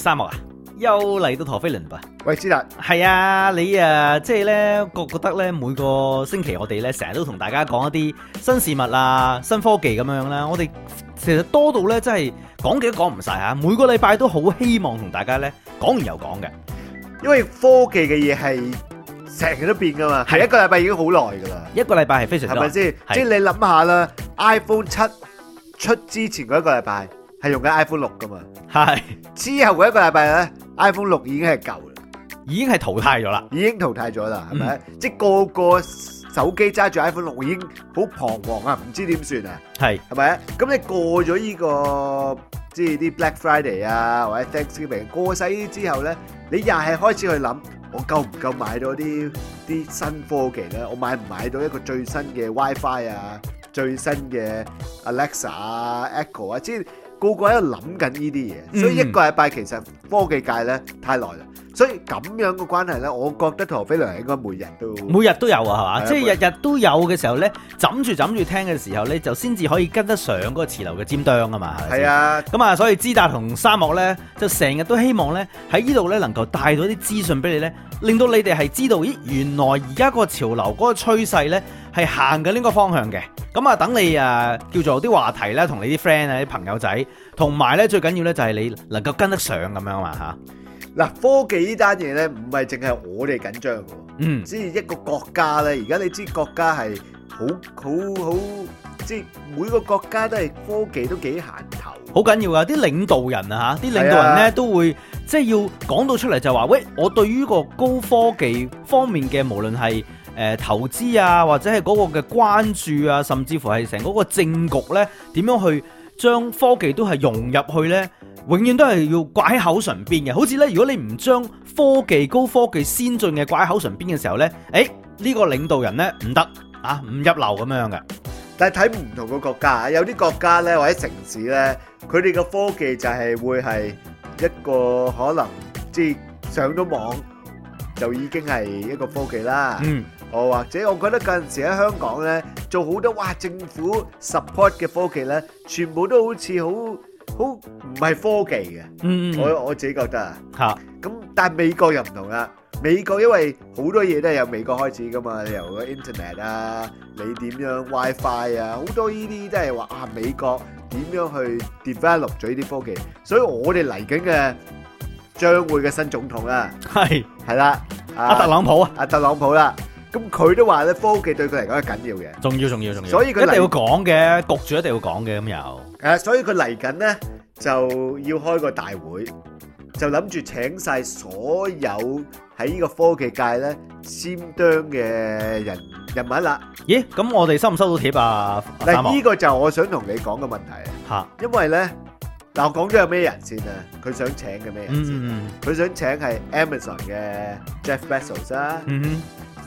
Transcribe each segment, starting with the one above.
沙漠啊，又嚟到陀飛輪吧？喂，知啦，係啊，你啊，即係咧，覺覺得咧，每個星期我哋咧，成日都同大家講一啲新事物啊，新科技咁樣啦。我哋其實多到咧，真係講嘅都講唔晒吓。每個禮拜都好希望同大家咧講完又講嘅，因為科技嘅嘢係成日都變噶嘛。係對一個禮拜已經好耐噶啦，一個禮拜係非常之，係咪先？即係是你諗下啦，iPhone 七出之前嗰一個禮拜。係用緊 iPhone 六噶嘛？係之後嘅一個禮拜咧，iPhone 六已經係舊啦，已經係淘汰咗啦，已經淘汰咗啦，係咪？即個個手機揸住 iPhone 六已經好彷徨啊，唔知點算啊？係係咪啊？咁你過咗呢個即係啲 Black Friday 啊，或者 Thanksgiving 過晒之後咧，你又係開始去諗，我夠唔夠買到啲啲新科技咧？我買唔買到一個最新嘅 WiFi 啊，最新嘅 Alexa 啊，Echo 啊，即。個個喺度諗緊呢啲嘢，所以一個禮拜其實科技界咧太耐啦，所以咁樣嘅關係咧，我覺得良《陀飛輪》應該每日都每日都有啊，係嘛？對每日 即係日日都有嘅時候咧，枕住枕住聽嘅時候咧，就先至可以跟得上嗰個潮流嘅尖端啊嘛。係是啊，咁啊，所以知達同沙漠咧，就成日都希望咧喺呢度咧，能夠帶到啲資訊俾你咧，令到你哋係知道，咦，原來而家個潮流嗰個趨勢咧。係行緊呢個方向嘅，咁啊等你啊，叫做啲話題咧，同你啲 friend 啊啲朋友仔，同埋咧最緊要咧就係你能夠跟得上咁樣嘛。吓。嗱科技呢單嘢咧唔係淨係我哋緊張㗎，嗯，即係一個國家咧，而家你知國家係好好好即係每個國家都係科技都幾閒頭，好緊要呀，啲領導人啊吓，啲領導人咧是的 都會即係要講到出嚟就話喂，我對於個高科技方面嘅無論係。誒，投資啊，或者係嗰個嘅關注啊，甚至乎係成個政局咧，點樣去將科技都係融入去咧？永遠都係要掛喺口唇邊嘅。好似咧，如果你唔將科技、高科技、先進嘅掛喺口唇邊嘅時候咧，誒，呢個領導人咧唔得啊，唔入流咁樣嘅。但係睇唔同嘅國家，有啲國家咧或者城市咧，佢哋嘅科技就係會係一個可能，即係上咗網就已經係一個科技啦。嗯。哦，或者我覺得近時喺香港咧，做好多哇，政府 support 嘅科技咧，全部都好似好好唔係科技嘅。嗯嗯，我我自己覺得啊。嚇，咁但係美國又唔同啦。美國因為好多嘢都係由美國開始噶嘛，由個 internet 啊，你點樣 WiFi 啊，好多呢啲都係話啊，美國點樣去 develop 咗呢啲科技，所以我哋嚟緊嘅將會嘅新總統啊，係係啦，阿特朗普啊，阿特朗普啦。咁佢都話咧，科技對佢嚟講係緊要嘅，重要重要重要，所以佢一定要講嘅，焗住一定要講嘅咁又。誒，所以佢嚟緊咧，就要開個大會，就諗住請晒所有喺呢個科技界咧尖端嘅人人物啦。咦？咁我哋收唔收到貼啊？嗱，呢個就我想同你講嘅問題啊。吓，因為咧，嗱，我講咗有咩人先啊？佢想請嘅咩人先？嗯嗯嗯，佢想請係 Amazon 嘅 Jeff Bezos 啊。嗯哼。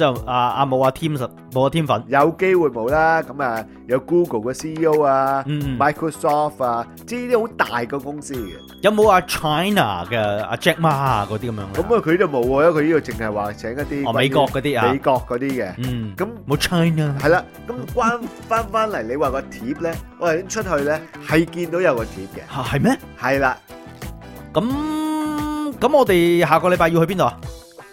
就阿阿冇啊，天神冇個天份，有機會冇啦。咁啊，有 Google 嘅 CEO 啊，Microsoft 啊，即係呢啲好大嘅公司嘅。有冇阿 China 嘅阿 Jack Ma 嗰啲咁樣咧？咁啊，佢呢度冇啊，因為佢呢度淨係話請一啲美國嗰啲啊，美國嗰啲嘅。嗯，咁冇 China。係啦，咁關翻翻嚟，你話個 tip 咧，我哋出去咧係見到有個 tip 嘅，係咩？係啦，咁咁，我哋下個禮拜要去邊度啊？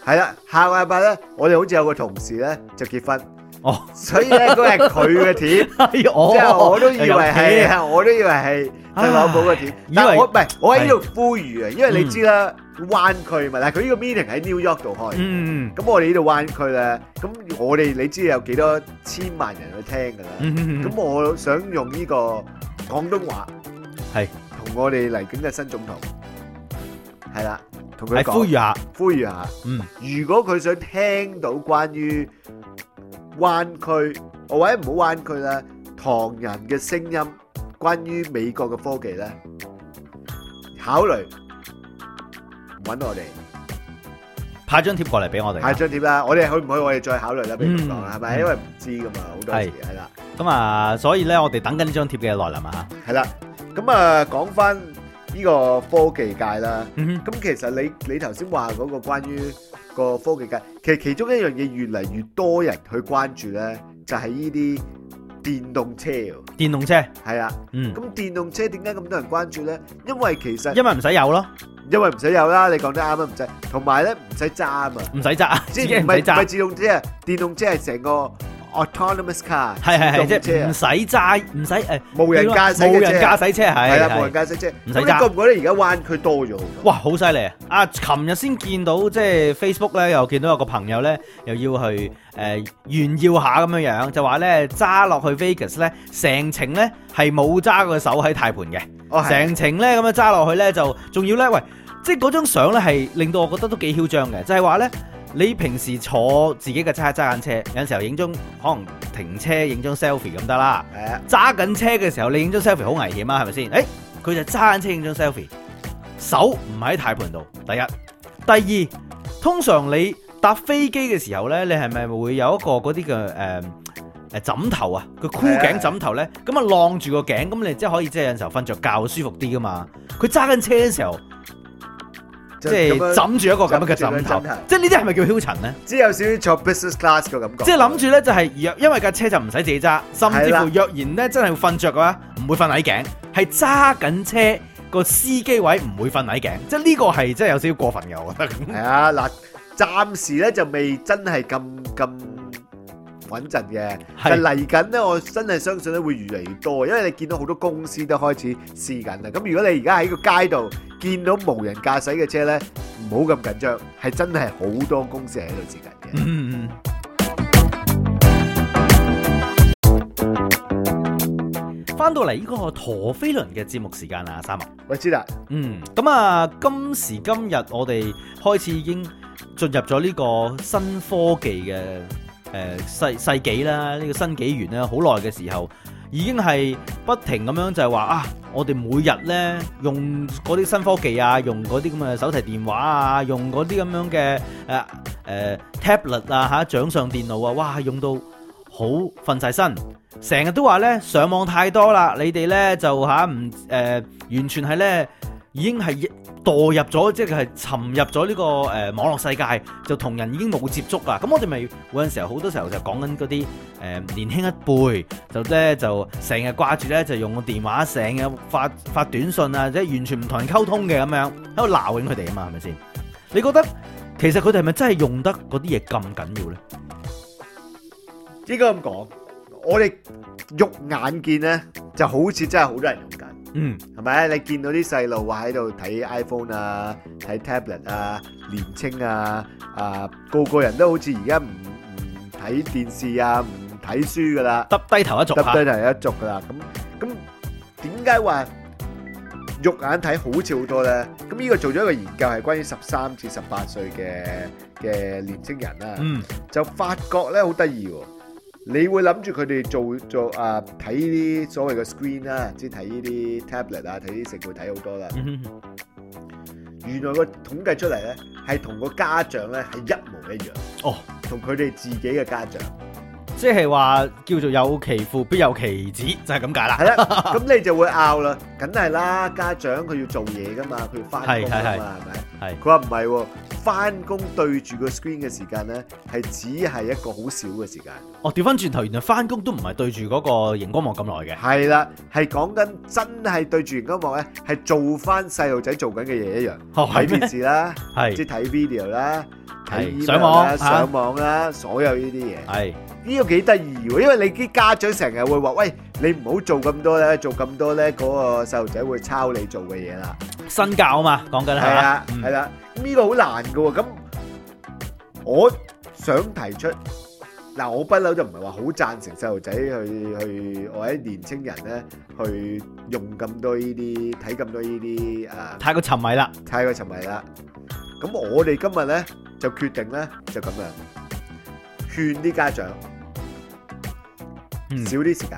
係啦，下個禮拜咧，我哋好似有個同事咧就結婚，哦，所以咧嗰日佢嘅帖，即係我都以為係，我都以為係特朗普嘅帖，但係我唔係，我喺呢度呼籲啊，因為你知啦，灣區嘛，但係佢呢個 meeting 喺 New York 度開，嗯，咁我哋喺呢度灣區啦，咁我哋你知有幾多千萬人去聽噶啦，咁我想用呢個廣東話，係同我哋嚟緊嘅新總統，係啦。同佢説，呼籲下，呼籲下，嗯，如果佢想聽到關於灣區，我或者唔好灣區啦，唐人嘅聲音，關於美國嘅科技咧，考慮揾我哋，拍張貼過嚟俾我哋，拍張貼啦，我哋可唔可以我哋再考慮啦？譬如講，係咪？因為唔知㗎嘛，好多時係啦。咁啊，所以咧，我哋等緊呢張貼嘅來啦嘛。係啦，咁啊，講翻。呢個科技界啦，咁其實你你頭先話嗰個關於個科技界，其實其中一樣嘢越嚟越多人去關注咧，就係呢啲電動車。電動車係啊，嗯，咁電動車點解咁多人關注咧？因為其實因為唔使油咯，因為唔使油啦，你講得啱啊，唔使，同埋咧唔使揸啊嘛，唔使揸，即係唔係唔係自動車，電動車係成個。Autonomous car，係係係，車即係唔使揸，唔使誒，無人駕駛嘅車，無人駕駛車係係啦，無人駕駛車唔使揸。你覺唔覺得而家玩佢多咗？哇，好犀利啊！啊，琴日先見到即係 Facebook 咧，又見到有個朋友咧，又要去誒、呃、炫耀下咁樣樣，就話咧揸落去 Vegas 咧，成程咧係冇揸個手喺軚盤嘅，成、哦、程咧咁樣揸落去咧就仲要咧，喂，即係嗰張相咧係令到我覺得都幾囂張嘅，就係話咧。你平時坐自己嘅揸揸緊車，有陣時候影張可能停車影張 selfie 咁得啦。揸緊車嘅時候你影張 selfie 好危險啊，係咪先？誒、欸，佢就揸緊車影張 selfie，手唔喺軚盤度。第一，第二，通常你搭飛機嘅時候呢，你係咪會有一個嗰啲嘅誒誒枕頭啊？佢箍頸枕頭呢，咁啊晾住個頸，咁你即係可以即係有陣時候瞓着覺舒服啲㗎嘛。佢揸緊車嘅時候。即係枕住一個咁樣嘅枕頭，的的即係呢啲係咪叫囂塵咧？即係有少少坐 business class 個感覺即。即係諗住咧，就係若因為架車就唔使自己揸，甚至乎若然咧真係瞓着嘅話，唔的會瞓矮頸，係揸緊車個司機位唔會瞓矮頸。即係呢個係真係有少少過分嘅，我覺得係啊。嗱，暫、呃、時咧就未真係咁咁，穩陣嘅，但嚟緊呢，我真係相信咧會越嚟越多，因為你見到好多公司都開始試緊啦。咁如果你而家喺個街度見到無人駕駛嘅車呢，唔好咁緊張，係真係好多公司喺度試緊嘅。嗯。嗯嗯。翻到嚟呢個陀飛輪嘅節目時間啦，三啊，喂，我知啦，嗯，咁啊，今時今日我哋開始已經進入咗呢個新科技嘅。誒，世世紀啦，呢個新紀元啦，好耐嘅時候已經係不停咁樣就係話啊，我哋每日呢，用嗰啲新科技啊，用嗰啲咁嘅手提電話啊，用嗰啲咁樣嘅誒誒 tablet 啊吓，掌上電腦啊，哇，用到好瞓晒身，成日都話呢，上網太多啦，你哋呢就吓唔誒完全係呢。已經係墮入咗，即係佢係沉入咗呢個誒網絡世界，就同人已經冇接觸喇。咁我哋咪有陣時候好多時候就講緊嗰啲誒年輕一輩，就咧就成日掛住咧就用個電話，成日發發短信啊，即係完全唔同人溝通嘅咁樣，喺度鬧緊佢哋啊嘛，係咪先？你覺得其實佢哋係咪真係用得嗰啲嘢咁緊要呢？應該咁講，我哋肉眼見呢，就好似真係好多人用緊。嗯，係咪 你見到啲細路話喺度睇 iPhone 啊，睇 tablet 啊，年青啊，啊、呃、個個人都好似而家唔唔睇電視啊，唔睇書噶啦，耷低，低頭一族一，耷低，低頭一族噶啦。咁咁點解話肉眼睇好似好多咧？咁呢個做咗一個研究係關於十三至十八歲嘅嘅年青人啦、啊。嗯， 就發覺咧好得意喎。你會諗住佢哋做做啊睇呢啲所謂嘅 screen 啦、啊，即係睇呢啲 tablet 啊，睇啲成會睇好多啦。 原來個統計出嚟咧係同個家長咧係一模一樣。哦，同佢哋自己嘅家長。即係話叫做有其父必有其子，就係咁解啦。係啦，咁你就會拗啦，梗係啦。家長佢要做嘢噶嘛，佢要翻工噶嘛，係咪？係。佢話唔係，翻工對住個 screen 嘅時間咧，係只係一個好少嘅時間。哦，調翻轉頭，原來翻工都唔係對住嗰個熒光幕咁耐嘅。係啦，係講緊真係對住熒光幕咧，係做翻細路仔做緊嘅嘢一樣。哦，睇電視啦，係即係睇 video 啦，睇上網啦，上網啦，所有呢啲嘢係。呢個幾得意喎，因為你啲家長成日會話：喂，你唔好做咁多咧，做咁多咧，嗰個細路仔會抄你做嘅嘢啦。身教啊嘛，講緊係啦，係啊，係啦，呢個好難㗎喎。咁我想提出，嗱，我不嬲就唔係話好贊成細路仔去去，我喺年青人咧去用咁多呢啲睇咁多呢啲啊，太過沉迷啦，太過沉迷啦。咁我哋今日咧就決定咧就咁樣勸啲家長。嗯，少啲時間，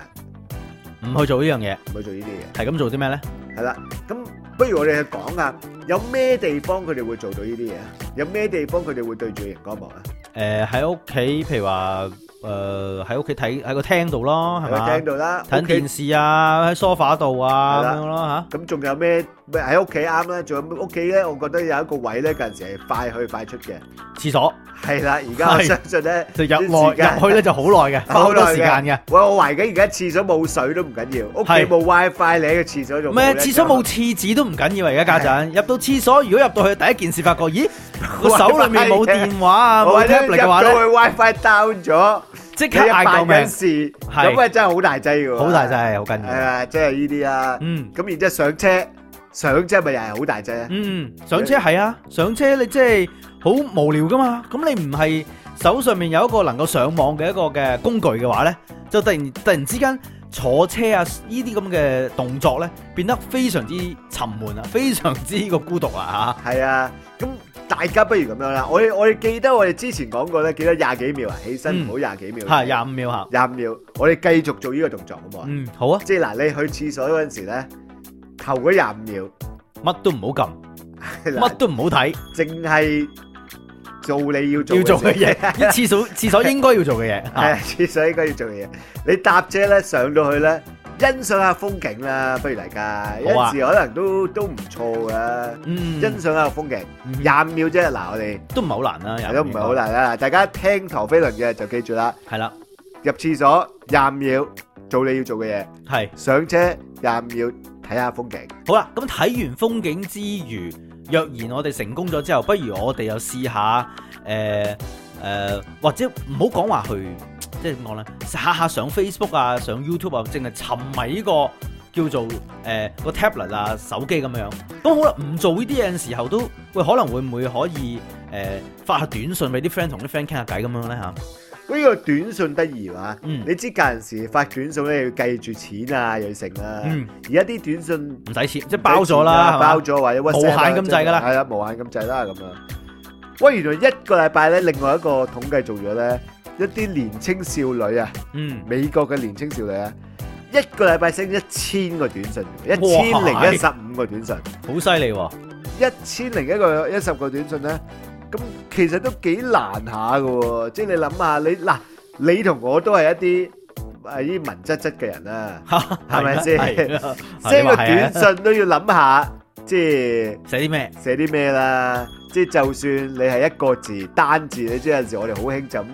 唔去做呢樣嘢，唔去做呢啲嘢，係咁做啲咩咧？係啦，咁不如我哋去講啊，有咩地方佢哋會做到呢啲嘢啊？有咩地方佢哋會對住熒光幕啊？誒，喺屋企，譬如話，誒，喺屋企睇喺個廳度咯，係嘛？喺廳度啦，睇電視啊，喺 sofa 度啊咁樣咯吓。咁仲有咩？咪喺屋企啱啦，仲有屋企咧，我覺得有一個位咧，嗰陣時係快去快出嘅。廁所係啦，而家我相信咧，入耐入去咧就好耐嘅，花好多時間嘅。喂，我懷緊而家廁所冇水都唔緊要，屋企冇 WiFi，你喺個廁所做咩？唔係廁所冇廁紙都唔緊要啊！而家家陣入到廁所，如果入到去第一件事發覺，咦，我手裡面冇電話啊，冇聽力嘅話咧，入到去 WiFi down 咗，即刻大救命！咁啊真係好大劑嘅喎，好大劑，好緊要啊！即係呢啲啦，嗯，咁然之後上車。上車咪又係好大隻啊！嗯，上車係啊，上車你即係好無聊噶嘛。咁你唔係手上面有一個能夠上網嘅一個嘅工具嘅話咧，就突然突然之間坐車啊呢啲咁嘅動作咧，變得非常之沉悶啊，非常之個孤獨啊吓。係啊，咁、啊、大家不如咁樣啦。我我記得我哋之前講過咧，記得廿幾秒啊，起身唔好廿幾秒。係廿五秒吓，廿五秒。我哋繼續做呢個動作好唔好啊？嗯，好啊。即係嗱，你去廁所嗰陣時咧。頭嗰廿五秒，乜都唔好撳，乜都唔好睇，淨係做你要做要做嘅嘢，去廁所廁所應該要做嘅嘢，係廁所應該要做嘅嘢。你搭車咧，上到去咧，欣賞下風景啦，不如大家，有時可能都都唔錯噶，欣賞下風景。廿五秒啫，嗱我哋都唔係好難啦，都唔係好難啦。大家聽陀飛輪嘅就記住啦，係啦，入廁所廿五秒，做你要做嘅嘢，係上車廿五秒。睇下風景，好啦。咁睇完風景之餘，若然我哋成功咗之後，不如我哋又試下誒誒，或者唔好講話去，即係點講呢？下下上 Facebook 啊，上 YouTube 啊，淨係沉迷呢、呢個叫做誒個 tablet 啊手機咁樣。咁、嗯、好啦，唔做呢啲嘢嘅時候，都喂可能會唔會可以誒、呃、發下短信俾啲 friend，同啲 friend 傾下偈咁樣呢？吓。呢個短信得意嘛？你知隔陣時發短信咧要計住錢啊，又成啊。而家啲短信唔使錢，即係包咗啦，包咗或者無限咁滯噶啦，係啦，無限咁滯啦咁樣。喂，原來一個禮拜咧，另外一個統計做咗咧，一啲年青少女啊，嗯，美國嘅年青少女啊，一個禮拜升一千個短信，一千零一十五個短信，好犀利喎！一千零一個一十個短信咧。咁其實都幾難下㗎，即係你諗下，你嗱，你同我都係一啲係啲文質質嘅人啦，係咪先？寫個短信都要諗下，即係寫啲咩？寫啲咩啦？即係就算你係一個字單字，你即係有陣時我哋好興就咁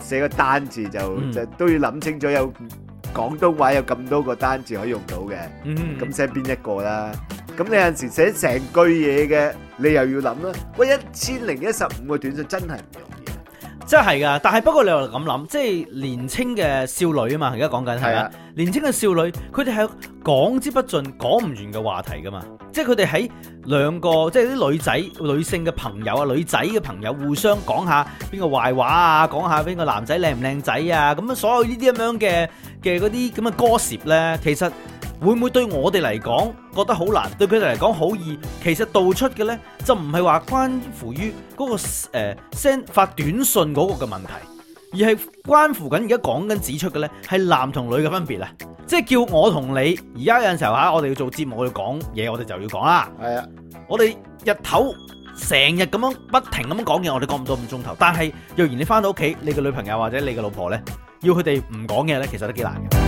寫個單字就就都要諗清楚，有廣東話有咁多個單字可以用到嘅，咁寫邊一個啦？咁你有陣時寫成句嘢嘅，你又要諗啦。喂，一千零一十五個短信真係唔容易，真係噶。但係不過你又咁諗，即係年輕嘅少女啊嘛，而家講緊係啊。的年輕嘅少女，佢哋係講之不盡，講唔完嘅話題噶嘛。即係佢哋喺兩個，即係啲女仔、女性嘅朋友啊，女仔嘅朋友互相講下邊個壞話啊，講下邊個男仔靚唔靚仔啊，咁所有呢啲咁樣嘅嘅嗰啲咁嘅歌謠咧，其實。會唔會對我哋嚟講覺得好難，對佢哋嚟講好易？其實道出嘅呢，就唔係話關乎於嗰、那個誒聲、呃、發短信嗰個嘅問題，而係關乎緊而家講緊指出嘅呢，係男同女嘅分別啊！即係叫我同你而家有陣時候吓，我哋要做節目，我哋要講嘢，我哋就要講啦。係啊的，我哋日頭成日咁樣不停咁樣講嘢，我哋講唔到五鐘頭。但係若然你翻到屋企，你嘅女朋友或者你嘅老婆呢，要佢哋唔講嘢呢，其實都幾難嘅。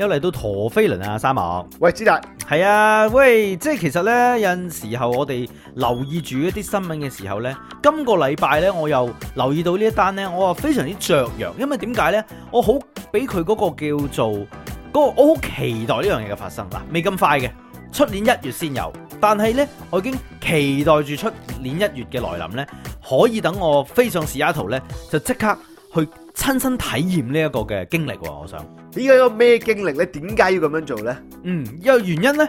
又嚟到陀飛輪啊，三毛喂，知達係啊，喂，即係其實呢，有陣時候我哋留意住一啲新聞嘅時候呢，今個禮拜呢，我又留意到一呢一單咧，我啊非常之雀躍，因為點解呢？我好俾佢嗰個叫做嗰、嗰個，我好期待呢樣嘢嘅發生嗱，未咁快嘅，出年一月先有，但係呢，我已經期待住出年一月嘅來臨呢，可以等我飛上西雅圖呢，就即刻去。親身體驗呢一個嘅經歷喎、啊，我想依個咩經歷咧？點解要咁樣做咧？嗯，一個原因咧，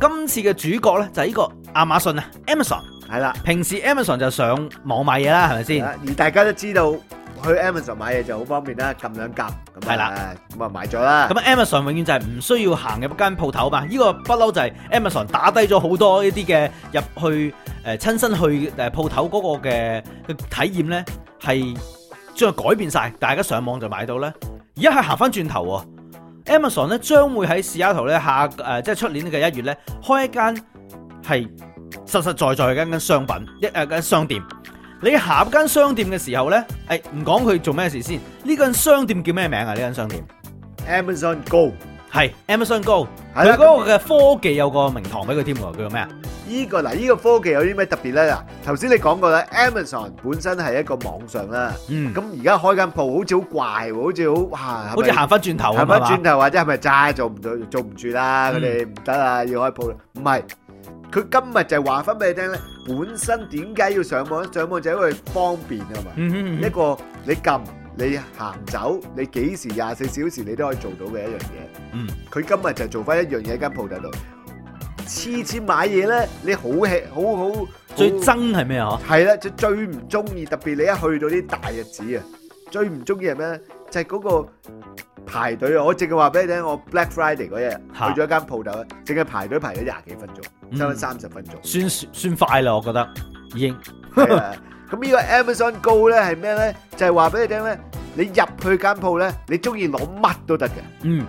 今次嘅主角咧就係呢個亞馬遜啊，Amazon 係啦了。平時 Amazon 就上網買嘢啦，係咪先？而大家都知道去 Amazon 買嘢就好方便兩了啦，撳兩夾咁係啦，咁啊買咗啦。咁 Amazon 永遠就係唔需要行入間鋪頭嘛？呢、這個不嬲就係 Amazon 打低咗好多呢啲嘅入去誒，親身去誒鋪頭嗰個嘅體驗咧係。將改變晒，大家上網就買到咧。而家係行返轉頭，哦，Amazon 咧將會喺西雅圖咧下誒，呃，即係出年嘅一月咧開一間係實實在在嘅一間商品一誒間，啊、商店。你行間商店嘅時候咧，誒唔講佢做咩事先，呢間商店叫咩名啊？呢間商店 Amazon Go。係 Amazon Go，佢嗰個嘅科技有個名堂俾佢添喎，叫做咩啊？依個嗱，依個科技有啲咩特別咧？嗱，頭先你講過啦，Amazon 本身係一個網上啦，嗯，咁而家開間鋪好似好怪，好似好哇，好似行翻轉頭，行翻轉頭或者係咪齋做唔到做唔住啦？佢哋唔得啊，要開鋪，唔係，佢今日就係話翻俾你聽咧，本身點解要上網？上網就因為方便啊嘛，一個你撳。你行走，走，你幾時廿四小時你都可以做到嘅一樣嘢。嗯，佢今日就做翻一樣嘢喺間鋪頭度。次次買嘢咧，你好吃好好。好最憎係咩啊？嚇，係啦，就最唔中意。特別你一去到啲大日子啊，最唔中意係咩咧？就係、是、嗰個排隊啊！我淨係話俾你聽，我 Black Friday 嗰日去咗間鋪頭，淨係、啊、排隊排咗廿幾分鐘，差唔多三十分鐘。嗯、算算快啦，我覺得已經。 咁呢個 Amazon Go 咧係咩咧？就係話俾你聽咧，你入去間鋪咧，你中意攞乜都得嘅。嗯，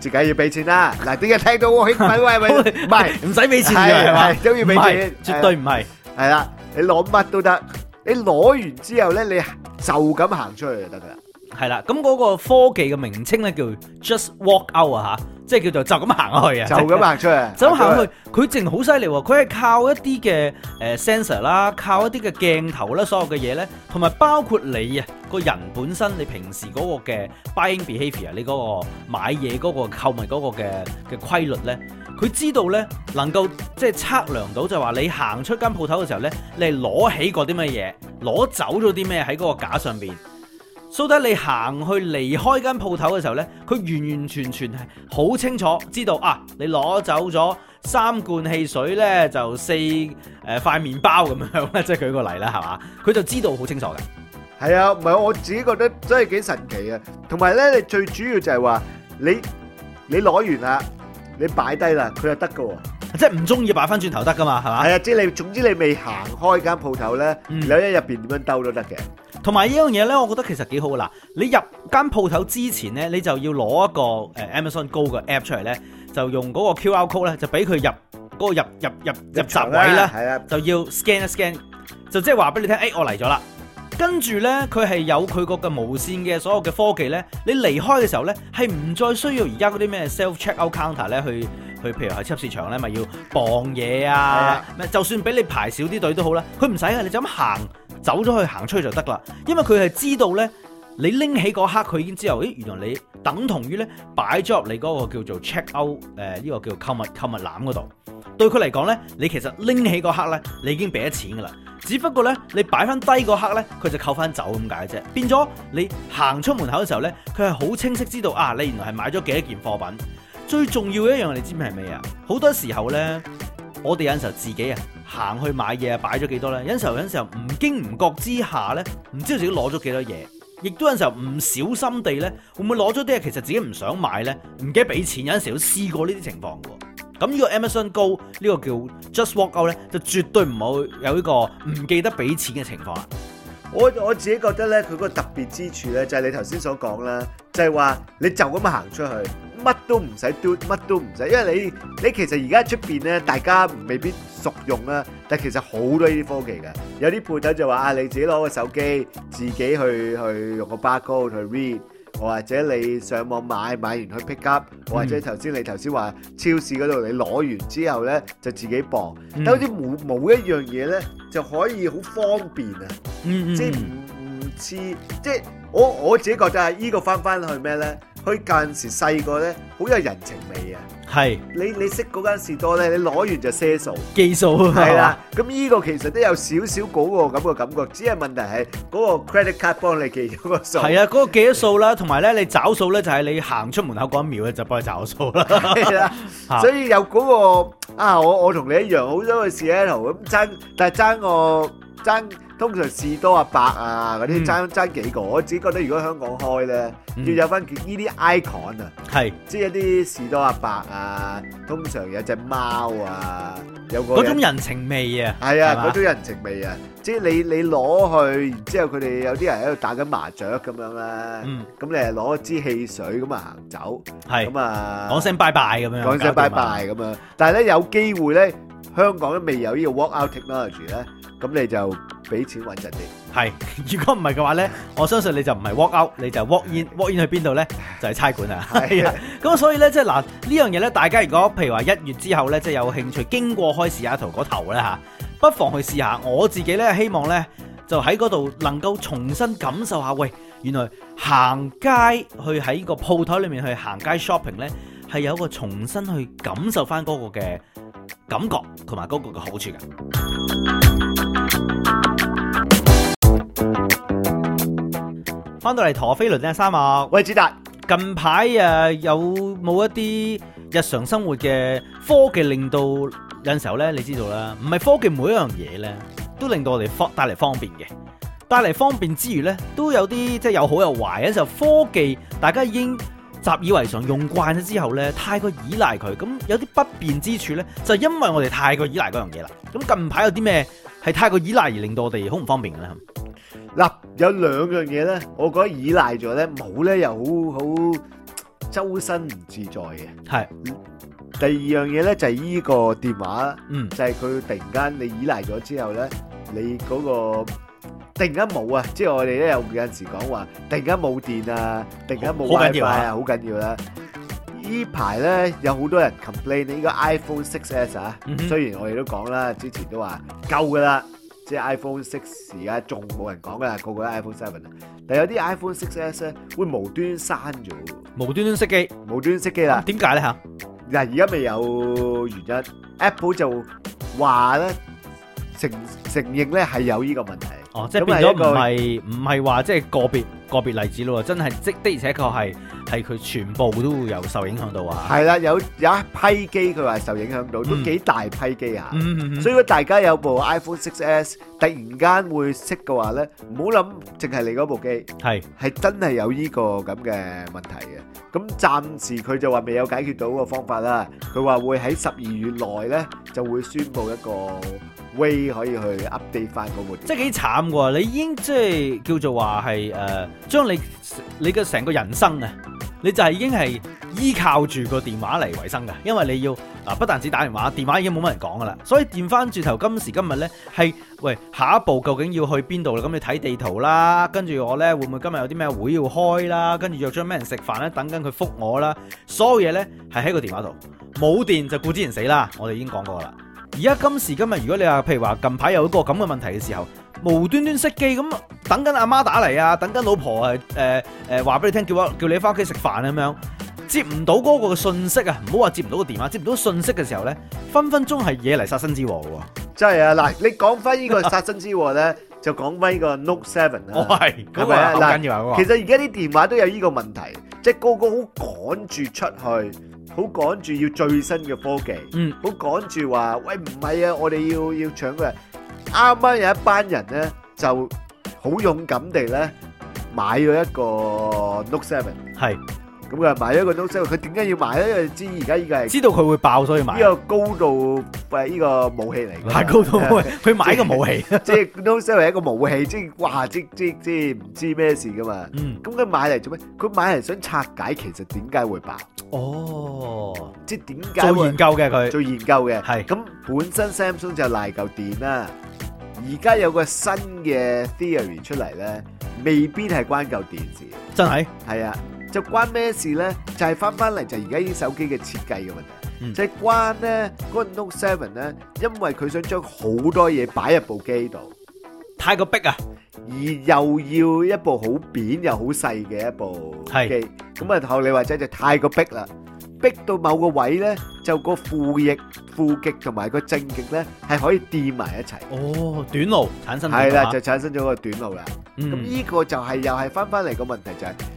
最緊要俾錢啦。嗱， 點解聽到我興奮？喂 喂，唔係唔使俾錢嘅，係嘛？都要俾錢，是對絕對唔係。係啦，你攞乜都得，你攞完之後咧，你就咁行出去就得噶啦。係啦，咁嗰、那個科技嘅名稱咧叫 Just Walk Out 啊嚇，即係叫做就咁行去啊，就咁行出嚟，就咁行去。佢正好犀利喎，佢係靠一啲嘅誒 sensor 啦，靠一啲嘅鏡頭啦，所有嘅嘢咧，同埋包括你啊個人本身，你平時嗰個嘅 buying behaviour，你嗰個買嘢嗰個購物嗰個嘅嘅、那個、規律咧，佢知道咧，能夠即係測量到就話你行出間鋪頭嘅時候咧，你攞起過啲乜嘢，攞走咗啲咩喺嗰個架上邊。蘇德，你行去離開間鋪頭嘅時候咧，佢 完完全全係好清楚知道啊！你攞走咗三罐汽水咧，就四誒塊麵包咁樣，即係舉個例啦，係嘛？佢就知道好清楚嘅。係 啊，唔係，我自己覺得真係幾神奇啊！同埋咧，你最主要就係話你你攞完啦，你擺低啦，佢就得㗎喎，即係唔中意擺翻轉頭得噶嘛，係嘛？係啊，即係你總之你未行開間鋪頭咧，兩一入邊點樣兜都得嘅。同埋呢樣嘢呢，我覺得其實幾好。嗱，你入間鋪頭之前呢，你就要攞一個誒、呃、Amazon Go 嘅 app 出嚟呢，就用嗰個 QR code 呢，就俾佢入嗰、嗰個入入入入閘位呢，就要 scan scan，就即係話俾你聽，哎，我嚟咗啦。跟住呢，佢係有佢個嘅無線嘅所有嘅科技呢。你離開嘅時候呢，係唔再需要而家嗰啲咩 self check out counter 呢，去去譬如喺超市場呢咪、就是、要磅嘢啊，的就算俾你排少啲隊都好啦，佢唔使啊，你就咁行。走咗去行出去就得啦，因為佢係知道呢。你拎起嗰刻佢已經知道，咦，原來你等同於咧擺咗入你嗰個叫做 check out 誒、呃、呢、呢個叫做購物購物籃嗰度。對佢嚟講呢，你其實拎起嗰刻呢，你已經俾咗錢噶啦。只不過呢，你擺翻低嗰刻呢，佢就扣翻走咁解啫。變咗你行出門口嘅時候呢，佢係好清晰知道啊，你原來係買咗幾多件貨品。最重要一樣，你知唔知係咩啊？好多時候呢，我哋有陣時候自己啊。行去買嘢啊，擺咗幾多咧？有陣時候，有陣時候唔經唔覺之下咧，唔知道自己攞咗幾多嘢，亦都有陣時候唔小心地咧，會唔會攞咗啲嘢其實自己唔想買咧？唔記得俾錢，有陣時都試過呢啲情況噶。咁呢個 Amazon Go 呢個叫 Just Walk Out 咧，就絕對唔會有呢個唔記得俾錢嘅情況啦。我我自己覺得咧，佢個特別之處咧，就係你頭先所講啦，就係話你就咁行出去，乜都唔使嘟，乜都唔使，因為你你其實而家出邊咧，大家未必熟用啦，但其實好多呢啲科技嘅，有啲鋪頭就話啊，你自己攞個手機，自己去去用個 barcode 去 read。或者你上網買，買完去 Pick Up，或者頭先你頭先話超市嗰度，你攞完之後咧就自己磅。但好似冇冇一樣嘢咧，就可以好方便啊、嗯嗯！即係唔唔似，即係我我自己覺得係依個翻翻去咩咧？佢嗰陣時細個咧，好有人情味啊！係你你識嗰間士多咧，你攞完就寫數記數係啦。咁呢個其實都有少少嗰個咁個感覺，只係問題係嗰個 credit card 幫你記咗個數。係啊，嗰個記咗數啦，同埋咧你找數咧就係你行出門口嗰一秒咧就幫你找數啦。係啦，所以有嗰個啊，我我同你一樣好多嘅士氣頭咁爭，但係爭我爭。通常士多阿伯啊嗰啲爭爭幾個，我自己覺得如果香港開咧，要有翻呢啲 icon 啊、嗯，係即係一啲士多阿伯啊，通常有隻貓啊，有個嗰種人情味啊，係啊吧，嗰種人情味啊，即係你你攞去，然之後佢哋有啲人喺度打緊麻雀咁樣啦，咁、嗯、你係攞支汽水咁啊行走，係咁是啊講聲拜拜咁樣，講說聲拜拜咁樣，但係咧有機會咧。香港都未有呢個 walkout technology 呢咧，咁你就俾錢揾人哋。係，如果唔係嘅話呢，我相信你就唔係 walk out，你就 walk in，walk in 去邊度呢？就係差館啊！係啊，咁所以呢，即係嗱呢樣嘢呢，大家如果譬如話一月之後呢，即係有興趣經過開士雅圖嗰頭咧嚇，不妨去試下。我自己呢，希望呢就喺嗰度能夠重新感受下，喂，原來行街去喺個鋪頭裏面去行街 shopping 呢，係有一個重新去感受翻嗰個嘅。感覺同埋嗰個嘅好處噶，翻到嚟陀飛輪啊，三啊，衛子達，近排啊有冇一啲日常生活嘅科技令到有陣時候咧，你知道啦，唔係科技每一樣嘢咧都令到我哋方帶嚟方便嘅。帶嚟方便之餘咧都有啲即係有好有壞，有時候，科技大家已經。習以為常，用慣咗之後咧，太過依賴佢，咁有啲不便之處咧，就係因為我哋太過依賴嗰樣嘢啦。咁近排有啲咩係太過依賴而令到我哋好唔方便嘅咧？嗱、嗯，有兩樣嘢咧，我覺得依賴咗咧，冇咧又好好周身唔自在嘅。係是、嗯。第二樣嘢咧就係依個電話，嗯，就係、是、佢突然間你依賴咗之後咧，你嗰、那個。突然間冇啊，即係我哋咧有有陣時講話突然間冇電啊，突然間冇 wifi 啊，好緊要啦！呢排咧有好多人 complain，你呢個 iPhone 6S 啊，雖然我哋都講啦，之前都話夠噶啦，即係 iPhone 6而家仲冇人講噶啦，個個都 iPhone 7啊，但係有啲 iPhone 6S 咧會無端刪咗，無端端熄機，無端端熄機啦？點解咧吓？嗱，而家未有原因，Apple 就話咧。承承認咧係有呢個問題，哦，即係變咗唔係唔係話即係個別個別例子咯，真係的的而且確係係佢全部都會有受影響到啊。係啦，有有一批機佢話受影響到，嗯、都幾大批機啊。嗯嗯嗯、所以如果大家有部 iPhone Six S 突然間會熄嘅話咧，唔好諗，淨係你嗰部機係係是真係有呢個咁嘅問題嘅。咁暫時佢就話未有解決到個方法啦。佢話會喺十二月內咧就會宣布一個 way 可以去 update 翻嗰部，即係幾慘噶，你已經即係叫做話係誒，將、呃、你你嘅成個人生啊，你就係已經係依靠住個電話嚟維生噶，因為你要嗱，不但止打電話，電話已經冇乜人講噶啦，所以電翻轉頭今時今日呢係喂，下一步究竟要去邊度啦？咁你睇地圖啦，跟住我呢會唔會今日有啲咩會要開啦？跟住約咗咩人食飯呢？等緊佢覆我啦，所有嘢呢係喺個電話度，冇電就固之然死啦，我哋已經講過啦。而家今時今日，如果你話譬如話近排有一個咁嘅問題嘅時候，無端端熄機咁，等緊阿媽，媽打嚟啊，等緊老婆啊，誒誒話俾你聽，叫叫你翻屋企食飯咁樣，接唔到嗰個嘅信息啊，唔好話接唔到個電話，接唔到信息嘅時候咧，分分鐘係惹嚟殺身之禍喎。真係啊，嗱你講翻呢個殺身之禍咧， 就講翻呢個 Note Seven 啦、 啊啊。我係，係咪啊？嗱，其實而家啲電話都有呢個問題，即係個個好趕住出去。好趕住要最新嘅科技，嗯，好趕住話，喂，唔係啊，我哋要要搶嘅。啱啱有一班人咧，就好勇敢地咧買咗一個 Note Seven，係。咁佢買咗個 Note 7，佢點解要買咧？因為知而家依個係知道佢會爆，所以買依個高度誒，依個武器嚟嘅，係高度。佢買個武器，即係 Note 7係一個武器，即係話即即即唔知咩事噶嘛。嗯，咁佢買嚟做咩？佢買嚟想拆解，其實點解會爆？哦，即係點解做研究嘅，佢做研究嘅係。咁本身 Samsung 就賴嚿電啦，而家有個新嘅 theory 出嚟咧，未必係關嚿電池。真係係啊。就關咩事呢？就係翻翻嚟，就而家呢手機嘅設計嘅問題，即係關呢嗰、那個 Note Seven 呢，因為佢想將好多嘢擺入部機度，太過逼啊，而又要一部好扁又好細嘅一部機，咁啊後你話即係太過逼啦，逼到某個位呢，就個負翼、負極同埋個正極呢，係可以掂埋一齊，哦短路產生係啦，就產生咗個短路啦，咁呢、嗯、個就係又係翻翻嚟個問題就係、是。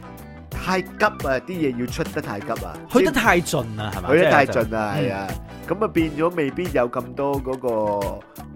太急啊！啲嘢要出得太急啊，去得太盡啊，係咪？去得太盡、就是、啊，係啊，咁啊變咗未必有咁多嗰、嗰個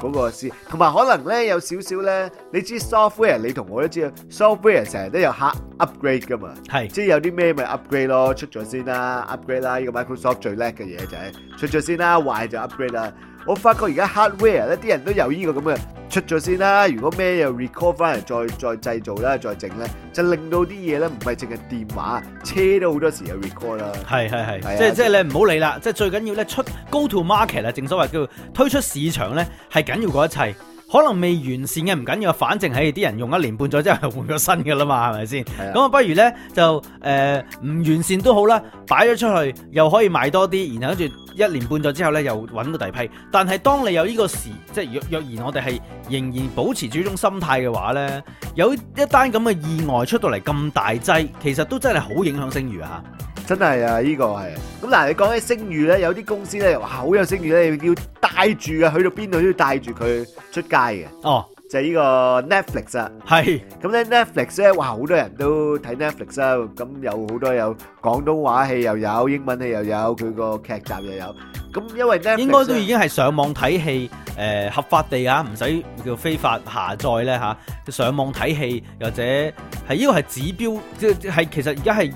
嗰、嗰個事，同埋可能咧有少少咧，你知 software，你同我都知啊，software 成日都有下 upgrade 噶嘛，係是，即係有啲咩咪 upgrade 咯，出咗先啦，upgrade 啦，呢、這個 Microsoft 最叻嘅嘢就係、是、出咗先啦，壞就 upgrade 啦。我發覺而家 hardware 咧，啲人都有呢個咁嘅出咗先啦。如果咩又 record 翻嚟再再製造啦，再整咧，就令到啲嘢咧唔係淨係電話，車都好多時有 record 啦。係係係，即係即係你唔好理啦。即係最緊要咧出 go to market 啦，正所謂叫推出市場咧係緊要過一切。可能未完善嘅唔緊要，反正係啲人用一年半載之後換個新嘅啦嘛，係咪先？咁啊，不如咧就誒唔完善都好啦，擺咗出去又可以賣多啲，然後跟住。一年半載之後咧，又揾到第二批。但係當你有呢個時，即係若若然我哋係仍然保持住呢種心態嘅話咧，有一單咁嘅意外出到嚟咁大劑，其實都真係好影響聲譽嚇。真係啊，依、呢個係。咁嗱，你講起聲譽咧，有啲公司咧話好有聲譽咧，你要帶住啊，去到邊度都要帶住佢出街嘅。哦。就係呢個 Netflix 啊，係咁咧 Netflix 咧話好多人都睇 Netflix 啊，咁有好多有廣東話戲又有英文戲又有佢個劇集又有，咁因為 Netflix 應該都已經係上網睇戲，誒合法地啊，唔使叫非法下載咧嚇，上網睇戲或者係呢個係指標，即係其實而家係。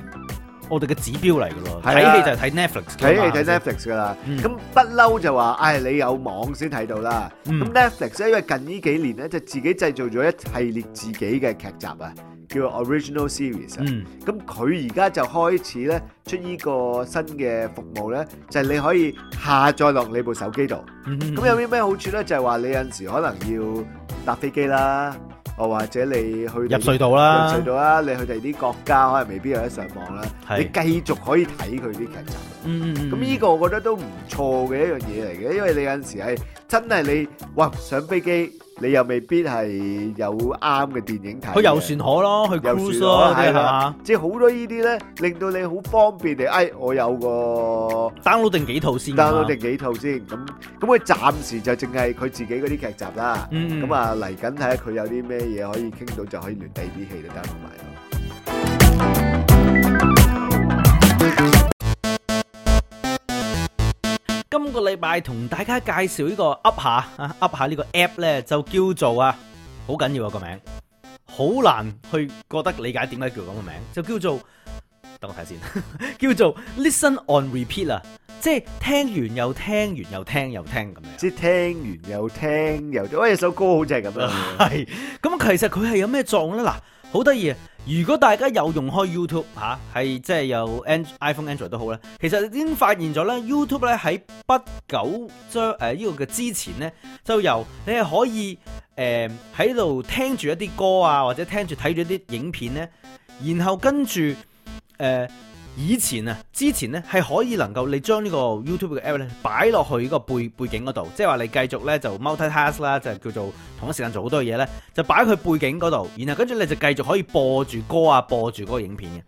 我哋嘅指標嚟嘅咯，睇戲的就係睇 Netflix，睇戲睇 Netflix 噶啦。咁不嬲就話，唉、哎，你有網先睇到啦。咁 Netflix 咧，Netflix，因為近呢幾年咧，就自己製造咗一系列自己嘅劇集啊，叫 Original Series。咁佢而家就開始咧出呢個新嘅服務咧，就係、係、你可以下載落你部手機度。咁、嗯嗯嗯、有啲咩好處咧？就係、係、話你有陣時可能要搭飛機啦。或或者你去你入隧道啦，入隧道啦，你去第二啲國家可能未必有得上網啦，是你繼續可以睇佢啲劇集。嗯嗯嗯，咁呢個我覺得都唔錯嘅一樣嘢嚟嘅，因為你有陣時係真係你哇上飛機。你又未必係有啱嘅電影睇，去遊船河咯，去 Cruise 咯，睇下。即係好多呢啲咧，令到你好方便嚟。哎，我有個 download 定幾套先，download 定幾套先。咁咁佢暫時就淨係佢自己嗰啲劇集啦。咁啊，嚟緊睇下佢有啲咩嘢可以傾到，就可以聯繫啲戲就 download 埋咯。今個禮拜同大家介紹呢個 up 下 up 下呢個 app 呢，就叫做啊，好緊要啊，個名，好難去覺得理解點解叫咁個名，就叫做等我睇先， 叫做 Listen on repeat 啦，即係聽完又聽完又聽又聽咁樣，即係聽完又聽又，一首歌好正係咁樣，係。咁其實佢係有咩作用呢？嗱，好得意。如果大家有用開 YouTube 嚇，啊，係即係有 And re, iPhone、Android 都好咧，其實你已經發現咗咧，YouTube 咧喺不久將誒呢個嘅之前咧，就由你係可以誒喺度聽住一啲歌啊，或者聽住睇住啲影片咧，然後跟住誒。呃以前啊，之前咧係可以能夠你將呢個 YouTube 嘅 app 咧擺落去呢個背背景嗰度，即係話你繼續呢就 multitask 啦，就係叫做就叫做同一時間做好多嘢呢，就擺喺佢背景嗰度，然後跟住你就繼續可以播住歌啊，播住嗰個影片嘅。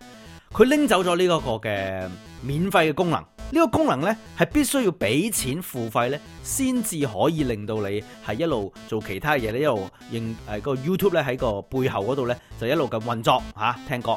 佢拎走咗呢一個嘅免費嘅功能，呢、呢個功能呢係必須要俾錢付費咧，先至可以令到你係一路做其他嘢，你一路仍誒、嗰個 YouTube 咧喺個背後嗰度呢，就一路咁運作吓聽歌。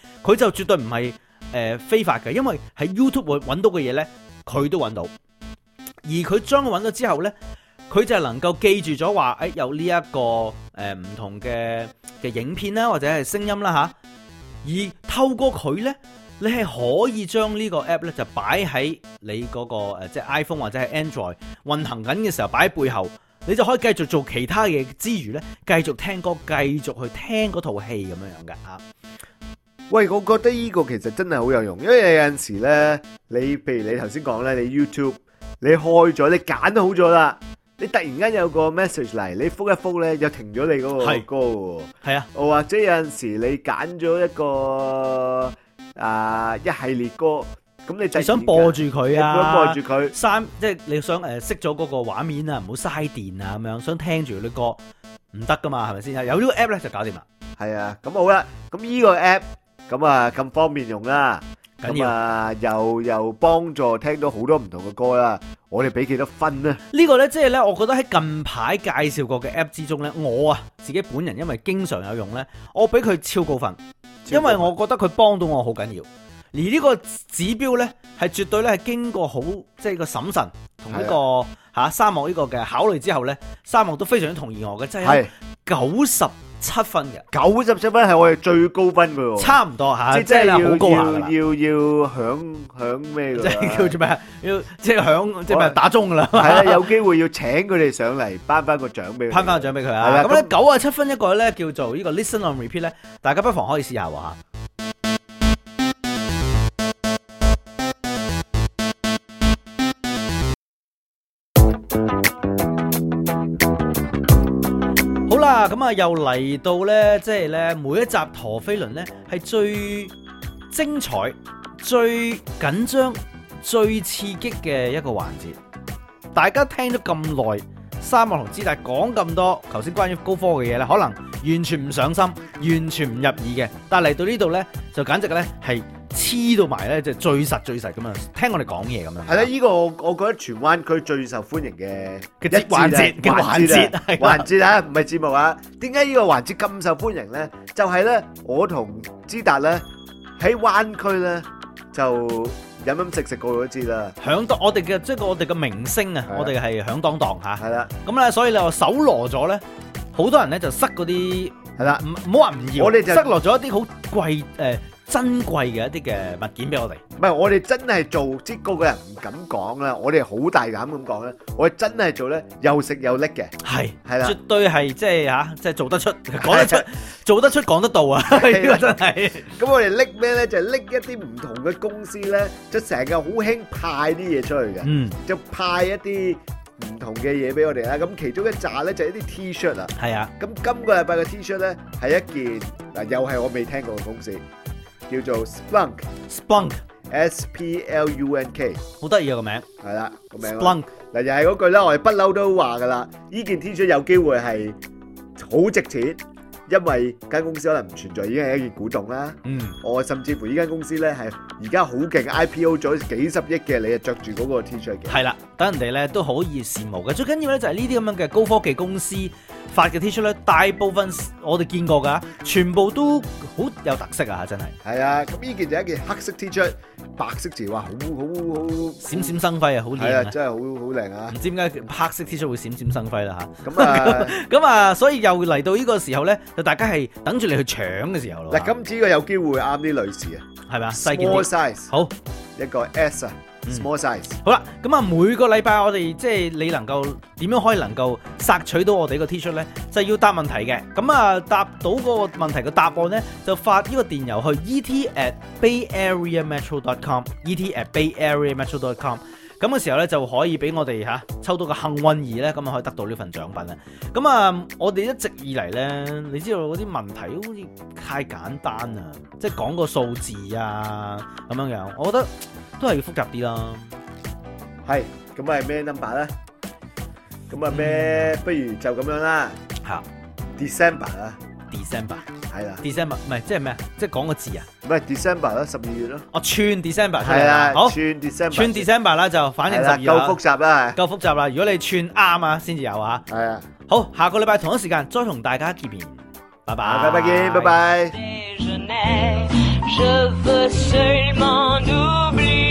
佢就絕對唔係誒非法嘅，因為喺 YouTube 揾到嘅嘢呢，佢都揾到。而佢將佢揾咗之後呢，佢就係能夠記住咗話，誒、哎、有呢、這、一個誒唔、呃、同嘅嘅影片啦，或者係聲音啦嚇、啊。而透過佢呢，你係可以將呢個 app 呢，就擺喺你嗰、那個即係 iPhone 或者係 Android 運行緊嘅時候擺喺背後，你就可以繼續做其他嘢之餘呢，繼續聽歌，繼續去聽嗰套戲咁樣樣嘅嚇。啊。喂，我覺得呢個其實真係好有用，因為有陣時咧，你譬如你頭先講咧，你 YouTube 你開咗，你揀好咗啦，你突然間有個 message 嚟，你復一復咧又停咗你嗰個歌喎。係啊，或者有陣時你揀咗一個啊一系列歌，咁你就想播住佢啊，播住佢三即係你想誒熄咗嗰個畫面啊，唔好嘥電啊咁樣，想聽住啲歌唔得噶嘛，係咪先？有呢個 app 咧就搞掂啦。係啊，咁好啦，咁呢個 app。咁啊，咁方便用啦，咁啊要又又幫助聽到好多唔同嘅歌啦，我哋俾幾多分呢？呢個呢，即係呢，我覺得喺近排介紹過嘅 app 之中呢，我啊自己本人因為經常有用呢，我俾佢超過分，過分因為我覺得佢幫到我好緊要。而呢個指標呢，係絕對呢係經過好即係個審慎同呢個吓沙漠呢個嘅考慮之後呢，沙漠都非常同意我嘅，即係九十，七分嘅，九十七分係我哋最高分嘅喎，差唔多吓，即係好高，要要要響響咩即係叫做咩？要即係響即係咩？打鐘㗎啦！係啊，有機會要請佢哋上嚟頒翻個獎俾佢，頒翻個獎俾佢啊！咁咧九啊七分一個咧叫做呢個 Listen on Repeat 咧，大家不妨可以試下喎啊，咁啊，又嚟到呢，即係呢，每一集陀飛輪呢係最精彩、最緊張、最刺激嘅一個環節。大家聽咗咁耐，三亞同之大講咁多，頭先關於高科技嘅嘢呢，可能完全唔上心，完全唔入耳嘅。但嚟到呢度呢，就簡直呢係～黐到埋咧，就係最實最實咁樣，聽我哋講嘢咁樣。係啦，依個我我覺得荃灣區最受歡迎嘅嘅環節嘅環節，環節啦，唔係節目啊。點解依個環節咁受歡迎咧？就係咧，我同知達咧喺灣區咧就飲飲食食過咗節啦。響當我哋嘅即係我哋嘅明星啊，我哋係響當當嚇。係啦，咁咧所以我搜羅咗咧，好多人咧就塞嗰啲係啦，唔好話唔要，我哋就塞羅咗一啲好貴誒。珍貴嘅一啲嘅物件俾我哋，唔係我哋真係做，即係嗰個人唔敢講啦。我哋好大膽咁講咧，我哋真係做咧，又食又拎嘅，係係啦，是的 絕對係即係吓，即係、啊、做得出，講得出，是的 做得出，講得到啊！真係的。咁 我哋拎咩咧？就拎、係、一啲唔同嘅公司咧，就成日好興派啲嘢出去嘅，嗯，就派一啲唔同嘅嘢俾我哋啦。咁其中一紮咧就一啲 T shirt 啊，係啊。咁今個禮拜嘅 T shirt 咧係一件嗱，又係我未聽過嘅公司。叫做 Splunk，Splunk，S P L U N K，好得意啊個名，係啦個名。Splunk，嗱又係嗰句啦，我哋不嬲都話噶啦，依件 T 恤有機會係好值錢，因為間公司可能唔存在，已經係一件古董啦。嗯，我甚至乎依間公司咧係而家好勁 IPO 咗幾十億嘅，你啊着住嗰個 T 恤嘅。係啦，等人哋咧都可以羨慕嘅。最緊要咧就係呢啲咁樣嘅高科技公司，發嘅 T 恤咧，大部分我哋見過噶，全部都好有特色啊！真係。係啊，咁呢件就一件黑色 T 恤，白色字，哇，好好好，閃閃生輝啊，好靚啊，啊，真係好好靚啊！唔知點解黑色 T 恤會閃閃生輝啦吓。咁啊，咁啊， 啊，所以又嚟到呢個時候咧，就大家係等住你去搶嘅時候咯。嗱，今次呢個有機會啱啲女士啊，係咪啊？細件 size，好一個 S 啊。Small size，好啦，咁啊，每個禮拜我哋，即係你能夠點樣可以能夠索取到我哋個 T 恤咧，就係要答問題嘅。咁啊，答到個問題嘅答案咧，就發呢個電郵去 et@bayareametro.com，et@bayareametro.com。咁嘅時候咧，就可以俾我哋吓、啊，抽到個幸運兒咧，咁啊可以得到呢份獎品啦。咁、嗯、啊，我哋一直以嚟咧，你知道嗰啲問題好似太簡單啊，即係講個數字啊咁樣樣，我覺得都係要複雜啲啦。係，咁係咩 number 咧？咁啊咩？嗯、不如就咁樣啦。吓，December 啊，December。係啦，December 唔係即係咩啊？即係講個字啊？唔係 December 咯，十二月咯。哦，串 December 出嚟啦，係啦，好，串 December。串 December 啦，就反正十二啦。夠複雜啦，係夠複雜啦。如果你串啱啊，先至有啊。係啊，好，下個禮拜同一時間再同大家見面，拜拜，拜拜，見，拜拜。